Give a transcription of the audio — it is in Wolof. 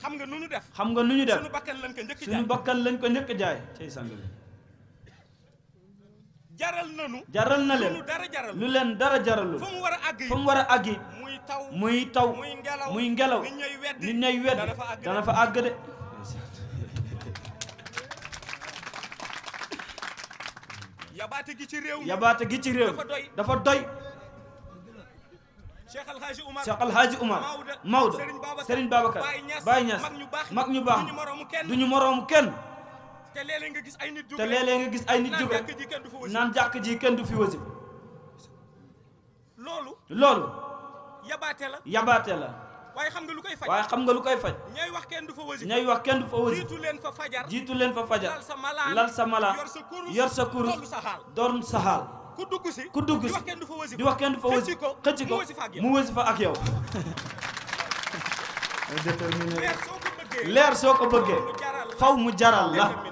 xam nga nu ñu def xam nga nu ñu def suñu bakkan lañ ko njëkk jaay suñu bakkan lañ ko njëkk jaay cay sang bi jaral jaral na leen lu leen dara jaralu fa mu war a àgg fa mu war a àgg muy taw muy taw muy ngelaw nit ñay wedd dana fa àgg de yabaate gi ci réew yabaate gi ci réew dafa doy Cheikh Alhaji Umar Cheikh Alhaji Umar Maodo Serigne Babacar Baye Niass mag ñu baax ñu moroomu kenn te léeg-léeg nga gis ay nit te léeg-léeg nga gis ay nit jóge naan jàkk ji kenn du fi wasif loolu yabaate la yabaate la waaye xam nga lu koy faj waaye xam nga lu koy faj ñay wax kenn du fa wasif ñay wax kenn du fa jiitu leen fa fajar jiitu leen fa fajar lal sa malaan yor sa kurus yor sa kurus doon sa xaal ku dugg si ku dugg si di wax kenn du fa wasi xëcc ko mu wasi fa ak yow leer soo ko bëggee faw mu jaral la